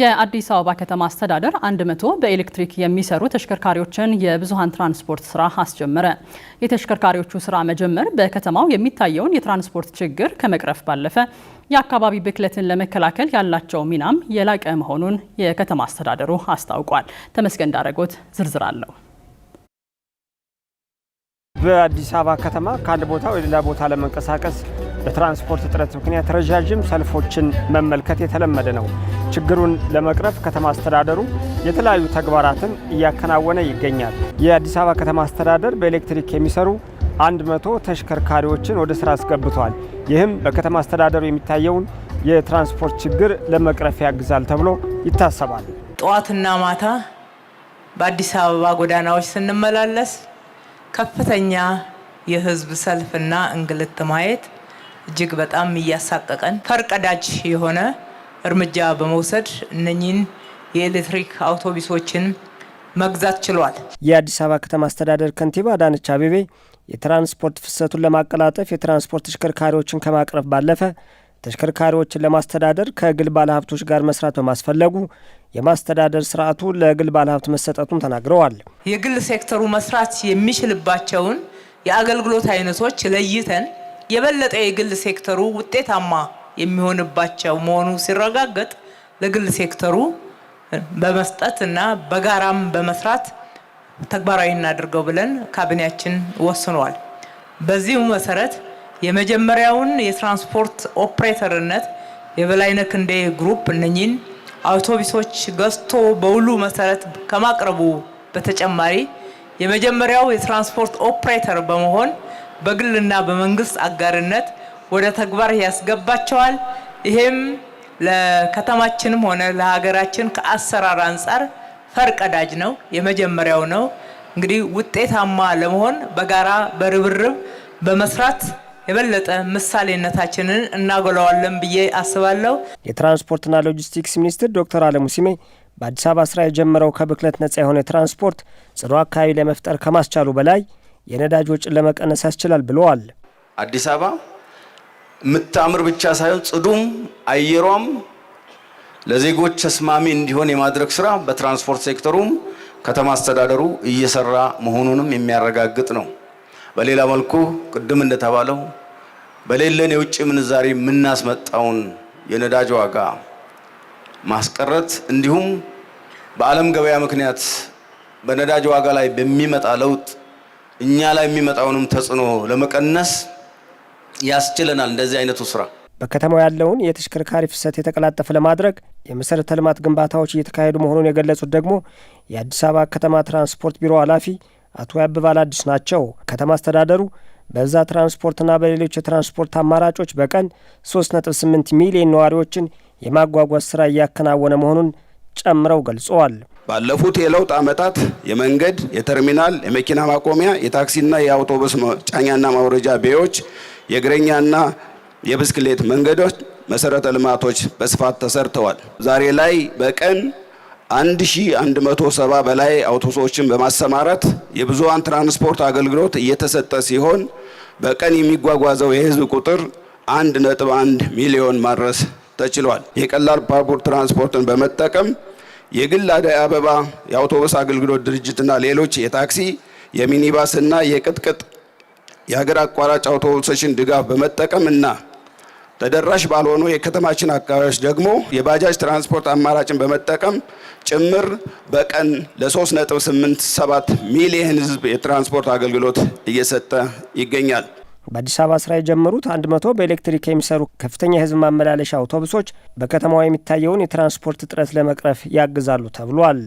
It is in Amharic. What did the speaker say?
የአዲስ አበባ ከተማ አስተዳደር 100 በኤሌክትሪክ የሚሰሩ ተሽከርካሪዎችን የብዙሃን ትራንስፖርት ስራ አስጀመረ። የተሽከርካሪዎቹ ስራ መጀመር በከተማው የሚታየውን የትራንስፖርት ችግር ከመቅረፍ ባለፈ የአካባቢ ብክለትን ለመከላከል ያላቸው ሚናም የላቀ መሆኑን የከተማ አስተዳደሩ አስታውቋል። ተመስገን ዳረጎት ዝርዝር አለው። በአዲስ አበባ ከተማ ከአንድ ቦታ ወደ ሌላ ቦታ ለመንቀሳቀስ በትራንስፖርት እጥረት ምክንያት ረዣዥም ሰልፎችን መመልከት የተለመደ ነው። ችግሩን ለመቅረፍ ከተማ አስተዳደሩ የተለያዩ ተግባራትን እያከናወነ ይገኛል። የአዲስ አበባ ከተማ አስተዳደር በኤሌክትሪክ የሚሰሩ 100 ተሽከርካሪዎችን ወደ ስራ አስገብቷል። ይህም በከተማ አስተዳደሩ የሚታየውን የትራንስፖርት ችግር ለመቅረፍ ያግዛል ተብሎ ይታሰባል። ጠዋትና ማታ በአዲስ አበባ ጎዳናዎች ስንመላለስ ከፍተኛ የህዝብ ሰልፍና እንግልት ማየት እጅግ በጣም እያሳቀቀን ፈርቀዳጅ የሆነ እርምጃ በመውሰድ እነኚህን የኤሌክትሪክ አውቶቡሶችን መግዛት ችሏል። የአዲስ አበባ ከተማ አስተዳደር ከንቲባ አዳነች አቤቤ የትራንስፖርት ፍሰቱን ለማቀላጠፍ የትራንስፖርት ተሽከርካሪዎችን ከማቅረብ ባለፈ ተሽከርካሪዎችን ለማስተዳደር ከግል ባለሀብቶች ጋር መስራት በማስፈለጉ የማስተዳደር ስርዓቱ ለግል ባለሀብት መሰጠቱን ተናግረዋል። የግል ሴክተሩ መስራት የሚችልባቸውን የአገልግሎት አይነቶች ለይተን የበለጠ የግል ሴክተሩ ውጤታማ የሚሆንባቸው መሆኑ ሲረጋገጥ ለግል ሴክተሩ በመስጠት እና በጋራም በመስራት ተግባራዊ እናድርገው ብለን ካቢኔያችን ወስኗል። በዚሁ መሰረት የመጀመሪያውን የትራንስፖርት ኦፕሬተርነት የበላይነህ ክንዴ ግሩፕ እነኚህን አውቶቡሶች ገዝቶ በውሉ መሰረት ከማቅረቡ በተጨማሪ የመጀመሪያው የትራንስፖርት ኦፕሬተር በመሆን በግልና በመንግስት አጋርነት ወደ ተግባር ያስገባቸዋል። ይሄም ለከተማችንም ሆነ ለሀገራችን ከአሰራር አንጻር ፈርቀዳጅ ነው፣ የመጀመሪያው ነው። እንግዲህ ውጤታማ ለመሆን በጋራ በርብርብ በመስራት የበለጠ ምሳሌነታችንን እናጎላዋለን ብዬ አስባለሁ። የትራንስፖርትና ሎጂስቲክስ ሚኒስትር ዶክተር አለሙ ሲሜ በአዲስ አበባ ስራ የጀመረው ከብክለት ነጻ የሆነ ትራንስፖርት ጽዱ አካባቢ ለመፍጠር ከማስቻሉ በላይ የነዳጅ ወጪን ለመቀነስ ያስችላል ብለዋል። አዲስ አበባ የምታምር ብቻ ሳይሆን ጽዱም አየሯም ለዜጎች ተስማሚ እንዲሆን የማድረግ ስራ በትራንስፖርት ሴክተሩም ከተማ አስተዳደሩ እየሰራ መሆኑንም የሚያረጋግጥ ነው። በሌላ መልኩ ቅድም እንደተባለው በሌለን የውጭ ምንዛሪ የምናስመጣውን የነዳጅ ዋጋ ማስቀረት እንዲሁም በዓለም ገበያ ምክንያት በነዳጅ ዋጋ ላይ በሚመጣ ለውጥ እኛ ላይ የሚመጣውንም ተጽዕኖ ለመቀነስ ያስችለናል እንደዚህ አይነቱ ስራ። በከተማው ያለውን የተሽከርካሪ ፍሰት የተቀላጠፈ ለማድረግ የመሰረተ ልማት ግንባታዎች እየተካሄዱ መሆኑን የገለጹት ደግሞ የአዲስ አበባ ከተማ ትራንስፖርት ቢሮ ኃላፊ አቶ ያብባል አዲስ ናቸው። ከተማ አስተዳደሩ በዛ ትራንስፖርትና በሌሎች የትራንስፖርት አማራጮች በቀን 3.8 ሚሊዮን ነዋሪዎችን የማጓጓዝ ስራ እያከናወነ መሆኑን ጨምረው ገልጸዋል። ባለፉት የለውጥ ዓመታት የመንገድ፣ የተርሚናል፣ የመኪና ማቆሚያ፣ የታክሲና የአውቶቡስ ጫኛና ማውረጃ ቤዎች የእግረኛና የብስክሌት መንገዶች፣ መሰረተ ልማቶች በስፋት ተሰርተዋል። ዛሬ ላይ በቀን 1170 በላይ አውቶቡሶችን በማሰማራት የብዙሃን ትራንስፖርት አገልግሎት እየተሰጠ ሲሆን በቀን የሚጓጓዘው የህዝብ ቁጥር 1.1 ሚሊዮን ማድረስ ተችሏል። የቀላል ባቡር ትራንስፖርትን በመጠቀም የግል አደይ አበባ የአውቶቡስ አገልግሎት ድርጅትና ሌሎች የታክሲ የሚኒባስና የቅጥቅጥ የሀገር አቋራጭ አውቶቡሶችን ድጋፍ በመጠቀም እና ተደራሽ ባልሆኑ የከተማችን አካባቢዎች ደግሞ የባጃጅ ትራንስፖርት አማራጭን በመጠቀም ጭምር በቀን ለ3.87 ሚሊየን ህዝብ የትራንስፖርት አገልግሎት እየሰጠ ይገኛል። በአዲስ አበባ ስራ የጀመሩት 100 በኤሌክትሪክ የሚሰሩ ከፍተኛ የህዝብ ማመላለሻ አውቶቡሶች በከተማዋ የሚታየውን የትራንስፖርት እጥረት ለመቅረፍ ያግዛሉ ተብሏል።